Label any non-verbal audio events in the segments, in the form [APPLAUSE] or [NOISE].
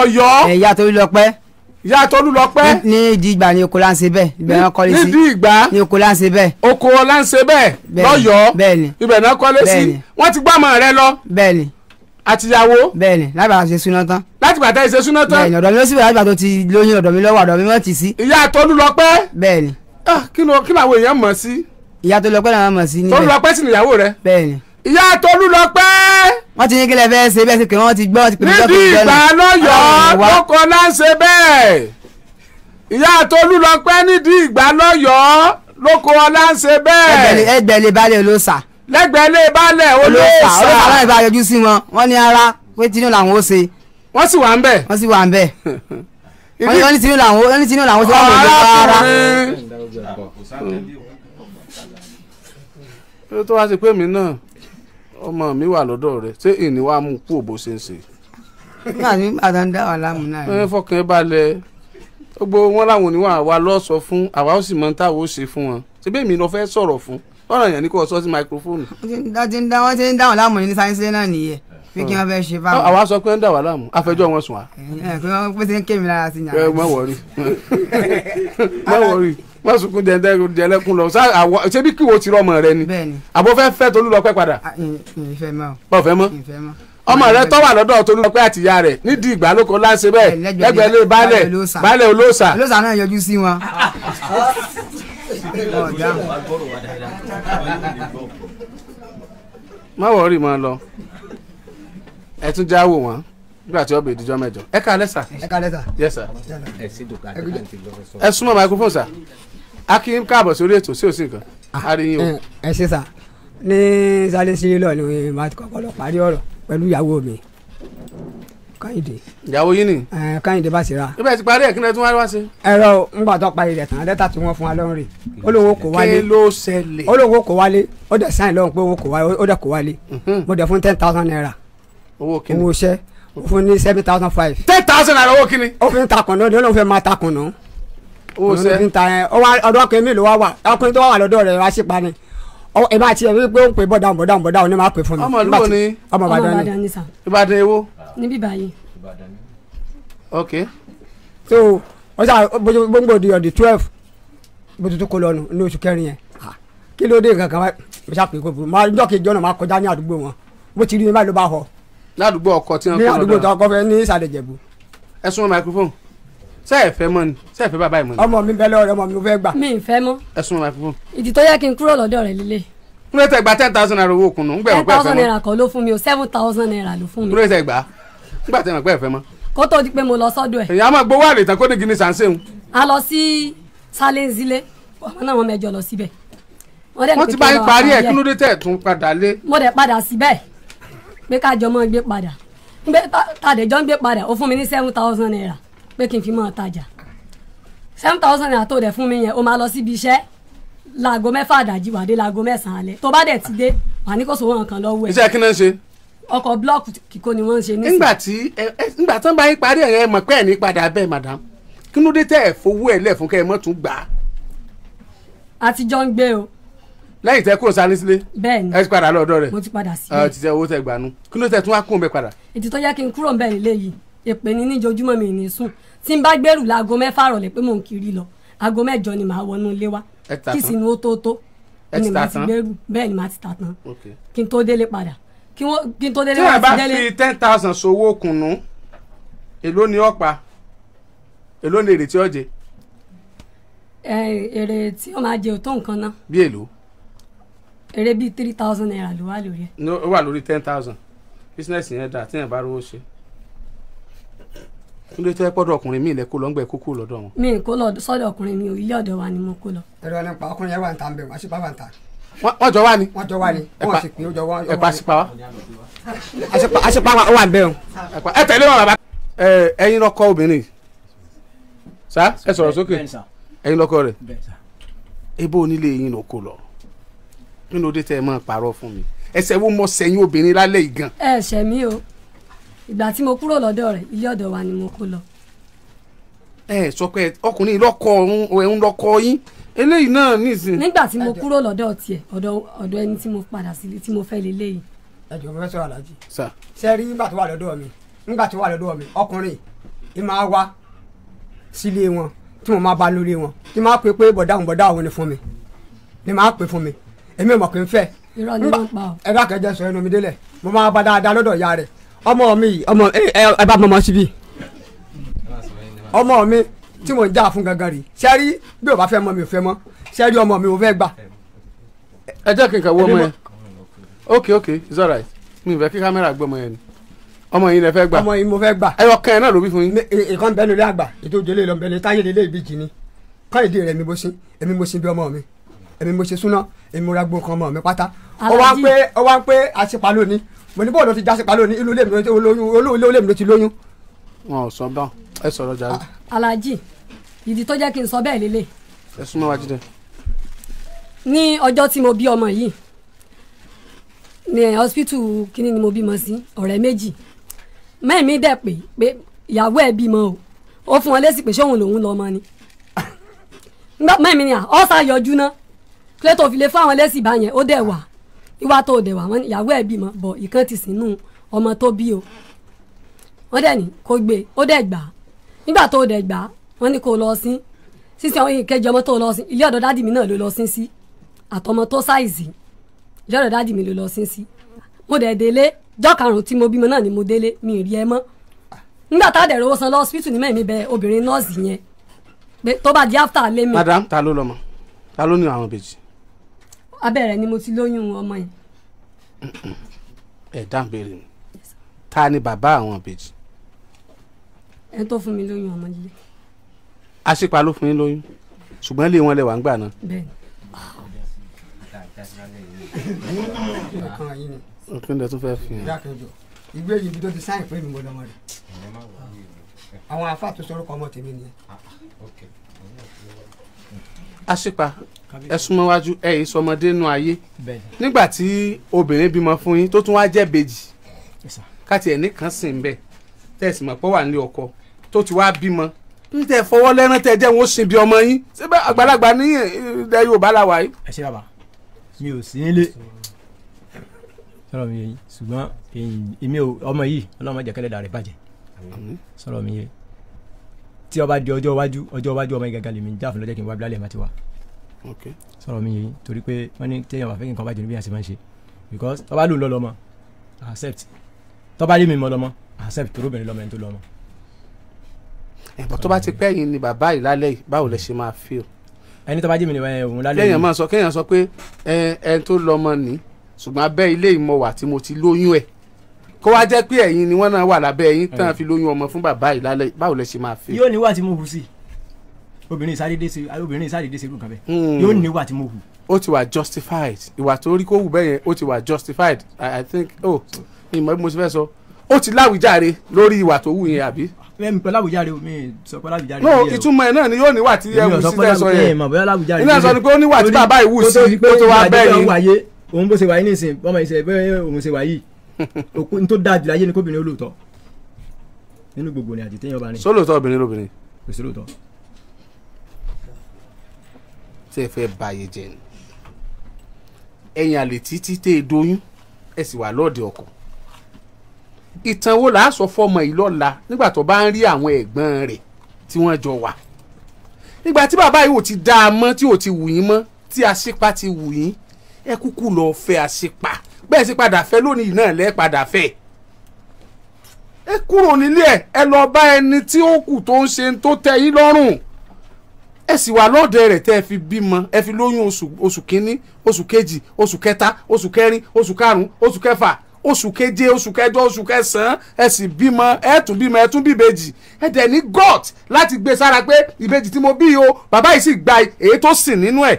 Ọ̀yọ́. ẹ yàtọ̀ olùlọpẹ. yàtọ̀ olùlọpẹ. ní ìdí ìgbà ni oko la ń ṣe bẹ́ẹ̀ ibẹ̀ náà kọ́lé sí. ní ìdí ìgbà ni oko la ń ṣe bẹ́ẹ̀. oko la ń ṣe bẹ́ẹ̀ lọ́yọ̀ọ́ ibẹ̀ náà kọ́lé sí wọ́n ti gbọ́ ọmọ rẹ lọ. bẹ́ẹ̀ni àtìyàwó. bẹ́ẹ̀ni lágbàtà ṣe súná tán. láti gbàtà ṣe súná tán. bẹ́ẹ̀ni ọ̀dọ̀ mi ló sì wà lágbàtà tó ti lóyún ọ̀dọ̀ mi lọ́wọ́ ọ̀dọ̀ mi mọ̀ ti sí. ìyá Tolúlọpẹ́. bẹ́ẹ̀ni. Ah, kí ló kí làwọn èèyàn mọ̀ sí. ìyá Tolúlọpẹ́ làwọn mọ̀ sí níbẹ̀. Tolúlọpẹ́ sì nìyàwó rẹ. bẹ́ẹ̀ni. ìyá Tolúlọpẹ́ wọ́n ti ní kílẹ̀ fẹ́ ṣe bẹ́ẹ̀ sí pé wọ́n ti gbọ́ wọ́n ti pè lọ́kùnrin lọ́nà. níbi ìgbàlọ́yọ̀ lọ́kọ náà ṣe bẹ́ẹ̀ ìyá àtolú lọ pẹ́ nídìí ìgbàlọ́yọ̀ lóko ọlá ń ṣe bẹ́ẹ̀. ẹgbẹ̀lẹ̀ balẹ̀ olóòṣà. lẹ́gbẹ̀lẹ̀ balẹ̀ olóòṣà. olóòṣà láì bá yọjú sí wọn wọ́n ní ara pé tinú làwọn ó ṣe. wọ́n sì wà ń bẹ̀. wọ́n sì wà ń bẹ̀. [LAUGHS] wọ́n ọmọ mi wà lọ́dọ̀ rẹ̀ ṣé ìní wa mú kú òbó ṣe ń ṣe. náà ní bàtà ń dá wà láàmú náà. ẹ fọkàn ẹ balẹ̀ gbogbo wọn làwọn oníwà wa lọ sọ fún àwa ó sì mọ táwọn ó ṣe fún wọn ṣé bẹ́ẹ̀ mi lọ fẹ́ sọ̀rọ̀ fún ọ̀rọ̀ yẹn ni kò sọ sí máikrófóònù. wọ́n ti ń dá láàmú ní sáyẹ́nsì náà nìyẹn pé kí wọ́n fẹ́ ṣe báwọn. àwa sọ pé ń dà láàmú àfẹjọ́ wọn sùn wa. ẹ pé wọ́n pèsè ń ké mi lára sí i. ẹ má wọrí [LAUGHS] má wọrí má sunkún jẹndẹ jẹlẹkun lọ sá àwọ ṣebí kí wo ti rọmọ rẹ ni àbò fẹ́ fẹ́ Tolúlọpẹ́ padà. ìfẹ́ mọ́ ọ̀fẹ́ mọ́ ọmọ rẹ tọ́ wà lọ́dọ̀ Tolúlọpẹ́ àtìyá rẹ̀ nídìí ìgbàlókò láṣẹ bẹ́ẹ̀ lẹ́gbẹ̀ẹ́ lé baálẹ̀ baálẹ̀ olóòṣà. olóòṣà náà yọjú sí wọn. [LAUGHS] má wọrí máa lọ ẹ tún já wò wọn nígbà tí ọbẹ̀ ìdíjọ́ mẹ́jọ. ẹ ká lẹ́sà. ẹ ká lẹ́sà. yẹ́sà. ẹ súnmọ́ microphone sà akin káàbọ̀ sórí ètò sí òsì kan ariyin ah, o. ẹ ṣe sá ní sálẹ̀ sílẹ̀ lọ ni màá ti kọ́kọ́ lọ parí ọ̀rọ̀ pẹ̀lú ìyàwó mi káyìndé. ìyàwó yín ni. ẹ káyìndé bá ti ra. ibà ti parí ẹ kí ni ẹ tún wá wá sí. ẹ̀rọ ńgbà tó parí rẹ̀ tán lẹ́tà tí wọ́n fún wa lọ́rùn rè olówó kò wálé. kí ló ṣẹlẹ̀. olówó kò wálé ó dẹ̀ sáyìn lọ́rùn pé owó kò wálé ó dẹ̀ kò wálé. Mhm. mo dẹ̀ fún ten thousand naira. owó kíni owó iṣẹ́ fún ní seven thousand five. ten thousand naira owó kíni. ó fi ń takùn náà ni ó lóun fẹ́ máa takùn náà òsè ọdún ta yẹn ọdún ọkùnrin mi ló wá wà ọkùnrin tó wà lọ́dọ̀ rẹ̀ wá sí pa ni ẹ bá tiẹ̀ wí pé ó ń pè bọ́dà bọ́dà bọ́dà òní máa pè fún mi. ọmọ ìlú ni ọmọ ìbàdàn ni ìbàdàn ewo. níbí báyìí. ok. so wọ́n sà gbogbo di ọ̀dì twelve bó tuntun kó lọ́nu ní oṣù kẹrin yẹn kí ló dé kankan wáyé mo ṣàpè kó burú máa jọ́ kejì ọ̀nà máa kọjá ní àdúgbò wọn bó ti rí mi báyìí ló bá họ. ládùúgbò ọkọ tí wọn kọ lọ́dọ̀ ní àdúgbò tó ọkọ fẹ ní ìsàlẹ̀ jẹ̀bú. ẹ sún mọ́ microphone. ṣé ẹ ọmọ mi bẹ́lẹ̀ ọ̀rẹ́ ọmọ mi ò fẹ́ gbà. mi ì fẹ́ mọ́. ẹ sún ọmọ ìdí tó yẹ kí n kúrò lọ́dọ̀ rẹ̀ líle. kúrò tẹ gba ten thousand naira owó mọ thousand naira kọ́ ló fún mi o seven thousand naira ló fún mi. kúrò tẹ gbà ngbà tẹ mọ pé ẹ di a lọ salenzile náà wọn mẹjọ lọ síbẹ̀. wọ́n ti parí ẹ̀ kí ló dé tẹ̀ tún padà lé. mo dẹ̀ pé kí n fi máa tajà seven thousand naira tó dẹ̀ fún mi yẹn o máa lọ síbi iṣẹ́ láago mẹ́fà àdájí wàdé láago mẹ́sàn-án alẹ́ tó bá dẹ̀ ti dé wà ní kò sówó nǹkan lọ́wọ́ ẹ̀. iṣẹ́ kí náà ṣe. ọkọ̀ blọọkù kíkó ni wọ́n ń ṣe nísìnyí. nígbà tí nígbà tí wọ́n bá yín parí ẹ̀rẹ́ mọ̀ pé ẹ̀ ní padà bẹ́ẹ̀ madam kí ló dé tẹ́ ẹ̀ fowó ẹ̀ lẹ̀ fún kẹ́ ẹ mọ́ tún gbà á. àtijọ́ ń gbé o. lẹ́yìn tẹ́ kúrò sani sílé. bẹ́ẹ̀ni ẹ ti padà lọ́dọ̀ rẹ̀. mo ti padà sílé. ẹ ti tẹ owó tẹ gbanu padà. ètò tí n bá gbẹ́rù láago mẹ́fà rọ̀lẹ́ pé mò ń kiri lọ aago mẹ́jọ ni màá wọnú ilé wa kí sinú ó tó tó ni màá ti gbẹ́rù bẹ́ẹ̀ ni màá ti tà tán kí n tó délé padà kí n tó délé padà sí délé. tí wọ́n bá fi ten thousand sowó kùnú èló ni ọ̀pá èló ni èrè tí ó jẹ. èrè tí ó máa jẹ òtó nǹkan náà. bí èló. èrè bíi three thousand naira ló wà lórí ẹ. ó wà lórí ten thousand business yẹn dà tí yẹn bá rówó ṣe nítorí tó yẹ pọ́dọ̀ ọkùnrin mi ilẹ̀ kó lọ ń gbẹ kó kó lọ́dọ̀ wọn. mi kó lọ sọ́dọ̀ ọkùnrin mi ò ilé ọ̀dọ̀ wa ni mo kó lọ. ẹ̀rọ ẹni pa ọkùnrin yẹn wà ń ta bẹ̀ wá sí bá wà ń ta. wọ́n jọ wá ni. wọ́n jọ wá ni wọ́n sì pín ó jọ wá. ẹ̀pà sì pa wá. àṣepa o. ẹ tẹ̀lé wọn bàbá. ẹ̀yin lọkọ obìnrin sa ẹ sọ̀rọ̀ sókè ẹ̀yin lọkọ rẹ̀ ebo onílé yín ló lọ kí ló dé ẹ máa parọ́ fún mi ẹsẹ̀ wo mọ̀ sẹ́yìn obìnrin lálẹ́ ìgàn. ẹ ṣẹ̀mí o ìgbà tí mo kúrò lọ́dọ̀ rẹ̀ ilé wa ni mo kó lọ. ẹ sọ pé ọkùnrin lọkọ ọ̀hún lọkọ yín eléyìí náà nìsín. nígbà tí mo kúrò lọ́dọ̀ tiẹ̀ ọ̀dọ̀ ẹni tí mo padà sí tí mo fẹ́ ẹ nígbà tó wà lọ́dọ̀ mi nígbà tó wà lọ́dọ̀ mi ọkùnrin ì máa wá ni fún mi ni máa pè fún mi èmi ò mọ̀ pé fẹ́. ọ. ẹ bá sọ ẹnu mi ọmọ mi ọmọ ẹ eh, eh, ẹ bá mọmọ síbi ọmọ mi tí mo ń já fún gangan rí sẹ́rí bí o bá fẹ́ mọ mi ò fẹ́ mọ sẹ́rí ọmọ mi ò fẹ́ gbà. ẹ jẹ́ kí n kà wọ ọmọ yẹn ok ok it's alright mi ò fẹ́ kí kámẹ́rà gbọ́ ọmọ yẹn ni ọmọ yìí lẹ fẹ́ gbà ọmọ yìí mo fẹ́ gbà ẹyọ kan yẹn náà ló bí fún yín. ìkan bẹ́ẹ̀ nílé àgbà ètò òjòlè lọ bẹ̀rẹ̀ táyé lélẹ́ ìbejì ni kọ́ ìdí rẹ̀ mi bó sin èmi mo sin bí ọmọ mi èmi mo ṣe súná èmi mo ra gbó kan ọmọ mi pátá ó pé ó pé àṣepá mo ní bọ́ọ̀lù ti já sí pa lónìí ilé mi ló lóyún olóyún olóyún mi ló ti lóyún. wọn ò sọ bá ẹ sọ̀rọ̀ jàre. Alhaji ìdí tó jẹ́ kí n sọ bẹ́ẹ̀ lélẹ̀. ẹ súnmọ́ wa jíde. ní ọjọ́ tí mo bí ọmọ yìí ní hospital kínní ni mo bímọ sí ọ̀rẹ́ méjì mẹ́ẹ̀mí dẹ̀ pé pé ìyàwó ẹ̀ bímọ o ó fún wọn lésì pé ṣóun lòun lọ́mọ ni mẹ́ẹ̀mí ni à ọ́ sá yọjú ná kílẹ̀ tó fi lè fún àwọn lésì báyẹn ó dẹ̀ wà ìwà tó dẹ̀ wà wọ́n ìyàwó ẹ̀ bímọ bọ̀ ìkan ti sínú ọmọ tó bí o wọ́n dẹ̀ ní kó gbé ó dẹ̀ gbà nígbà tó dẹ̀ gbà wọ́n ní kó lọ sí sísè àwọn èèyàn kẹjọ ọmọ tó lọ sí ilé ọ̀dọ̀ dádì mi náà ló lọ sí sí àtọmọ tó sáìzì ilé ọ̀dọ̀ dádì mi ló lọ sí sí mo dẹ̀ délé jọ́ karùn-ún tí mo bímọ náà ni mo délé mi rí ẹ e mọ́ nígbà tá a dẹ̀ rówó san lọ hospital ní mẹ́rin bẹ obìnrin nọ́ọ̀sì yẹn tó bá di after lé mi. madam ta ló lọ mọ ta ló ní àwọn bèjì abẹ́rẹ́ ni mo ti lóyún ọmọ yẹn. ẹ dáhùn béèrè ni ta ni bàbá àwọn ìbejì. ẹ tó fún mi lóyún ọmọ líle. àṣìpa ló fún yín lóyún ṣùgbọ́n ilé wọn lè wà ń gbà náà. bẹ́ẹ̀ni. ìpínlẹ̀ tún fẹ́ fi hàn. ìgbé yìí ibi tó ti sáyìn pé mi gbọ́dọ̀ mọ̀ rẹ̀ àwọn àáfàá tó sọ̀rọ̀ kọ́ ọmọ tèmi nìyẹn àṣìpà ẹ súnmọ́ wájú ẹ yìí sọmọdé nù ayé nígbà tí obìnrin bímọ fún yín tó tún wá jẹ́ bèjì káti ẹ̀ nìkan sì ń bẹ̀ tẹ̀sí mọ̀ pọ̀ wà ní ọkọ tó ti wá bímọ bí tẹ fọwọ́ lẹ́rán tẹ jẹ́ wọn ó sin bí ọmọ yín síbẹ̀ àgbàlagbà ní ilẹ̀ Yorùbá la wà yìí. ẹ ṣe bàbá mi ò sí nílé sọ̀rọ̀ mi yẹ yìí èmi ọmọ yìí ọlọ́mọ jẹ́ kẹ́lẹ́ dàrẹ́ bàjẹ́ mi yẹ tí ó bá di ọjọ́ iwájú ọjọ́ iwájú ọmọ ìgàgà lèmi jáfù lọ́jọ́ kí n wá abilálẹ̀ máa ti wà. sọ̀rọ̀ mi yìí torí pé wọ́n ní téèyàn bá fẹ́ kí bá jẹ́ níbi àti máa ń ṣe because tọ́ba lò lọ́lọ́mọ accept tọ́ba rí mi mọ́ lọ́mọ accept tó róbìnrin lọ́mọ ẹni tó lọ́mọ. ẹ̀bọ̀ tó bá ti pẹ́ ni bàbá yìí lálẹ́ yìí báwo lẹ ṣe máa feel. ẹni tó bá jẹ́ mi ni òun lálẹ́ yìí. kéèyàn máa sọ kéèyàn sọ pé ẹni tó kó wá jẹ́ pé ẹ̀yin ni wọ́n náà wà lábẹ́ ẹ̀yin tán fi lóyún ọmọ fún bàbá yìí lálẹ́ báwo lẹ ṣe máa fi. yóò ní wà tí mo hù sí obìnrin ìsádédé ṣe obìnrin ìsádédé ṣe nǹkan bẹ́ẹ̀ hmm. yóò ní wà tí mo hù. ó ti wà justified ìwà tó rí kó hù bẹ́ẹ̀ yẹn ó ti wà justified i think oh ìmọ̀ bí mo ṣe fẹ́ sọ ó ti láwùjáre lórí ìwà tó hù yẹn àbí. bẹ́ẹ̀ mi pẹ́ láwùjáre mi sọ pé láwùjáre. no ìtumọ̀ ẹ̀ náà ni yóò níwà tí ẹ wù sí tẹ́ sọ yẹn iná sọ ni pé ó níwà tí bàbá ìwù sí kó tó wá bẹ́ẹ̀ ni. òun bó ṣe wáyé nísìnyí bọ́mọ ìṣẹ̀ bẹ́ẹ̀ òun ṣe wáyé n tó dáa jùlọ ayé ni kóbìnrin olóòótọ́ nínú gbogbo ni àjètè yẹn bá ní. sólòótọ́ obìnrin lóbìnrin. kò sí lóòótọ́. ṣé ẹ fẹ́ ba ayé jẹ ni ẹ̀yin àlè títí tẹ́ ẹ doyún ẹ sì wà lọ́ọ̀dẹ ọkọ ìtàn wo là á sọ fọmọ yìí lọ́la nígbà tó bá ń rí àwọn ẹ̀gbọ́n rẹ̀ tí wọ́n jọ wà nígbà tí bàbá yìí ò ti dá a mọ́ tí ò ti wù yín mọ́ tí aṣípa ti wù yín ẹ kúkú lọ fẹ́ aṣípa bẹ́ẹ̀ sì padà fẹ́ lónìí náà lẹ́ padà fẹ́ ẹ kúrò nílé ẹ ẹ lọ bá ẹni tí ó kù tó ń ṣe tó tẹ́ yín lọ́rùn ẹ sì wà lọ́dẹ rẹ̀ tẹ́ ẹ fi bímọ ẹ fi lóyún oṣù kínní oṣù kejì oṣù kẹta oṣù kẹrin oṣù karùn-ún oṣù kẹfà oṣù keje oṣù kẹjọ oṣù kẹsànán ẹ sì bímọ ẹ tún bímọ ẹ tún bíbejì ẹ dẹ̀ ní gut láti gbé sára pé ìbejì tí mo bí o bàbá yìí sì gba èyí tó sìn nínú ẹ̀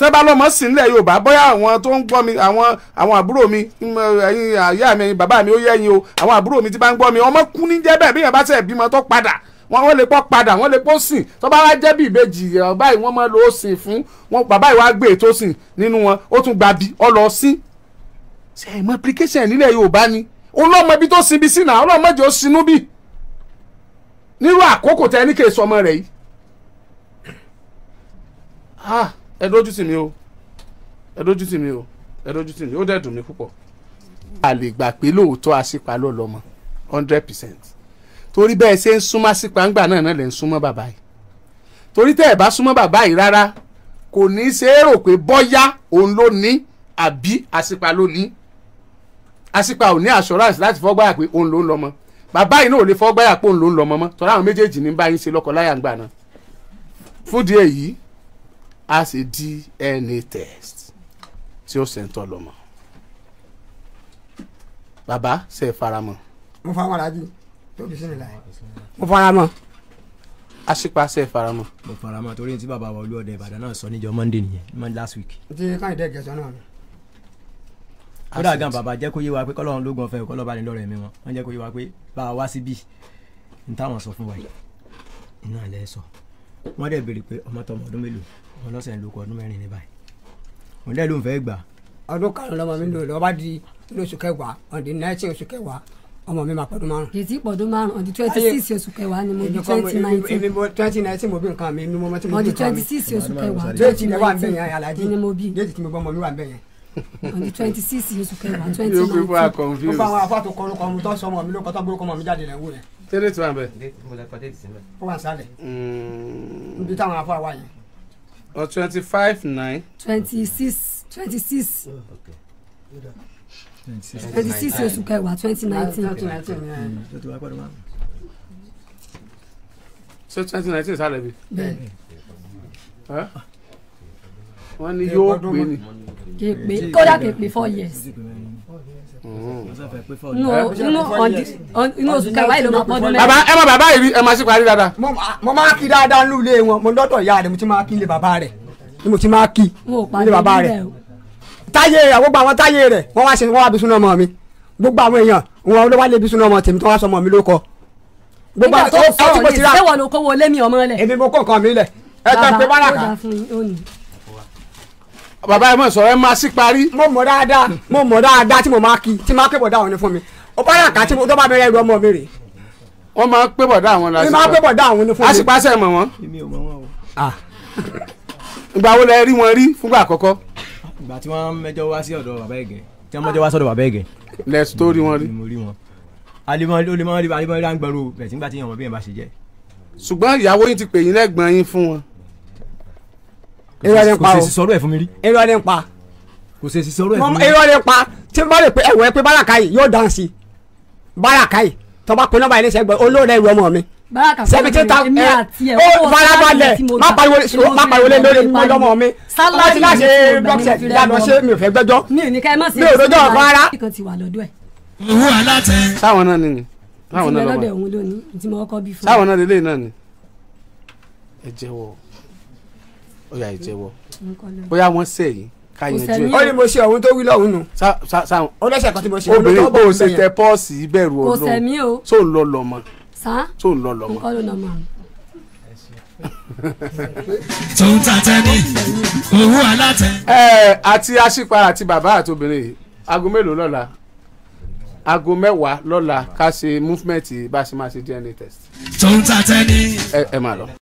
tán bá lọ́mọ sí nílẹ̀ Yorùbá bóyá àwọn tó ń gbọ́ mi àwọn àwọn àbúrò mi mm, ẹ̀yin àyà mi bàbá mi ó yẹ yín o àwọn àbúrò mi ti bá ń gbọ́ mi ọmọ kú ní jẹ́ bẹ́ẹ̀ bí yẹn bá tẹ̀ bímọ tó padà wọn wọn lè pọ padà wọn lè pọ sìn tó bá wá jẹ́ bí ìbejì báyìí wọ́n máa lọ sìn fún wọn bàbá ìwà gbé ètò e sìn nínú wọn ó tún gba bí ọ lọ sí. ṣe é mọ application nílẹ̀ Yorùbá ni olóòmọ ibi tó sinbi sí náà olóòmọ jẹ́ ó sinú bí nírú àkókò tẹ́ ní kèé sọmọ rẹ̀ yìí. Ah! ẹ dójú tì mí o ẹ dójú tì mí o ẹ dójú tì mí ó dẹ̀ dùn mí púpọ̀. a lè gbà pé lóòótọ́ àṣìpá lọ́mọ hundred percent torí bẹ́ẹ̀ ṣe ń súnmọ́ àṣìpá ńgbà náà náà lè ń súnmọ́ bàbá yìí torí tẹ́ ẹ̀ bá súnmọ́ bàbá yìí rárá kò ní í ṣe é rò pé bọ́yá òun ló ní àbí àṣìpá ló ní àṣìpá ò ní assurance láti fọ́gbáyà pé òun ló ń lọ́mọ bàbá yìí náà ò lè fọ́gbáyà pé òun ló ń lọ́mọ mọ́ tọ́lá àwọn méjèèjì ní báyìí ṣe lọ́kọ láyà ńgbà náà fúdìí èyí a ṣe DNA test tí ó ṣe ń tọ́ lọ́mọ bàbá ṣe é faramọ́. mo fa wàrà jù tóbi sí mi láyé. mo faramọ́. aṣípa ṣe é faramọ́. mo faramọ́ torí tí bàbá wa olúọdẹ ìbàdàn náà sọ níjọ́ monday nìyẹn last week. ti káyọ̀dé gẹ̀ẹ́sán náà ni kódà gan bàbá jẹ́ kó yé wa pé kọ́lọ́run ló gan fẹ́ kọ́lọ́ bá ní lọ́rọ̀ ẹ̀mí wọn wọ́n jẹ́ kó yé wa pé bá a wá síbí ní táwọn sọ fún wa yìí iná ẹ̀ lẹ́ sọ wọ́n dẹ̀ béèrè pé ọmọ tọmọ ọdún mélòó wọn lọ́sẹ̀ ń lo ọkọ̀ ọdún mẹ́rin ní báyìí wọ́n dẹ̀ ló ń fẹ́ gbà. ọdún karùn-ún lọmọ mi lò lọ́ba di lóṣù kẹwàá ọ̀dín náírà oṣù kẹwàá ọmọ mi máa pọ̀dún márùn. ètí pọ̀dún márùn ọ̀dín twenty six oṣù kẹwàá ni mo di twenty nineteen. èmi mo twenty nineteen mo bí nǹkan mi ni mo mọ tí mo bí nǹkan mi. ọ̀dín twenty six oṣù kẹwàá ni mo bí. ọdún twenty six oṣù kẹwàá twenty nineteen. yóò fi wá confused. ó bá àwọn afọ àtòkọ orúkọ ọmọ tó sọ ọmọ mi ló kọ́ tó gbórúkọ ọmọ mi jáde lẹ́wọ́ rẹ̀ tẹ́lẹ̀ tí wọ́n bẹ̀. mo lè kọ́ déètì sílẹ̀. ó wà sálẹ̀. Mm. ibi táwọn afọ àwa yẹn. ọ twenty five nine. twenty six twenty six twenty six oṣù kẹwàá twenty nineteen. so twenty nineteen sálẹ̀ bi. bẹ́ẹ̀ wọ́n ní yóò pé ni. kèpè kódà kèpè four years mm. inú oṣù kẹwàá yìí ló máa pọ́dún mẹ́rin. bàbá ẹ mọ bàbá yìí ẹ máa ṣe parí dáadáa. mo máa kí dáadáa nínú ilé wọn mo dọ́tọ̀ ìyá rẹ̀ mo ti máa kí ilé bàbá rẹ̀ ni mo ti máa kí ilé bàbá rẹ̀ táyé rẹ̀ gbogbo àwọn táyé rẹ̀ wọ́n wá bí súná ọmọ mi gbogbo àwọn èèyàn wọn ló wá lé bí súná ọmọ tèmi tó wá sọ mi ló kọ. gbogbo àwọn tó sọ̀rọ̀ yìí sẹ́wọ̀n ló kówó lé mi ọmọ rẹ̀. èmi mo kó nǹkan mi lẹ̀ ẹ bàbá ẹ mọ̀ sọ̀rọ̀ ẹ máa sí parí. mo mọ̀ dáadáa mo mọ̀ dáadáa tí mo máa kí tí máa pè bọ̀dá àwọn ni fún mi ọ̀páyàká tí tó bá mi rẹ̀ ọmọ mi rè. wọ́n máa pè bọ̀dá àwọn lásìkò. mi máa pè bọ̀dá àwọn ni fún mi. a sì pàṣẹ mọ̀ wọ́n. ìgbà wo lẹ rí wọn rí fúngbà àkọ́kọ́. ìgbà tí wọ́n mẹ́jọ wá sí ọ̀dọ̀ bàbá ẹ̀gẹ́ tí wọ́n mẹ́jọ wá sọ́dọ̀ bàbá ẹ̀gẹ́. lẹ sítórì wọn rí. mo irọ́ ni pa o kò sì sọ̀rọ̀ ẹ̀ fún mi rí. irọ́ ni pa. kò sì sọ̀rọ̀ ẹ̀ fún mi rí. irọ́ ni pa tí bá lè pe ẹ̀wọ̀ ẹ pé báràkà yìí yóò dáǹsì báràkà yìí tọ́ba pe nọ́mbà yìí ní sẹ́gbẹ̀ẹ́ olóòrè ìwé ọmọ mi. báràkà sẹ́mi eh, tí ta ẹ ó farabalẹ̀ má pariwo lé lórí ọmọ mi. sáwọn náà ni sáwọn náà ó yà ìjẹ́wọ́ bóyá wọ́n sẹ̀ yìí ká yanjú ẹ̀. ó ní mo ṣe ohun tó wí lọ́hùn nù. ó lẹ́sẹ̀ kan tí mo ṣe ohun tó bọ̀ bọ̀ yẹn. obìnrin kò ṣe tẹ pọ́ọ̀sì ìbẹ̀rù ọlọ́run tó ń lọ lọ́mọ. tó ń lọ lọ́mọ. tó ń ta tẹ́ni owó alátẹ. ẹ àti aṣípa àti bàbá àtobìnrin aago mélòó lọ́la aago mẹ́wàá lọ́la ká ṣe movement bá a ṣe máa ṣe DNA test. tó ń ta tẹ́ni. ẹ máa lọ.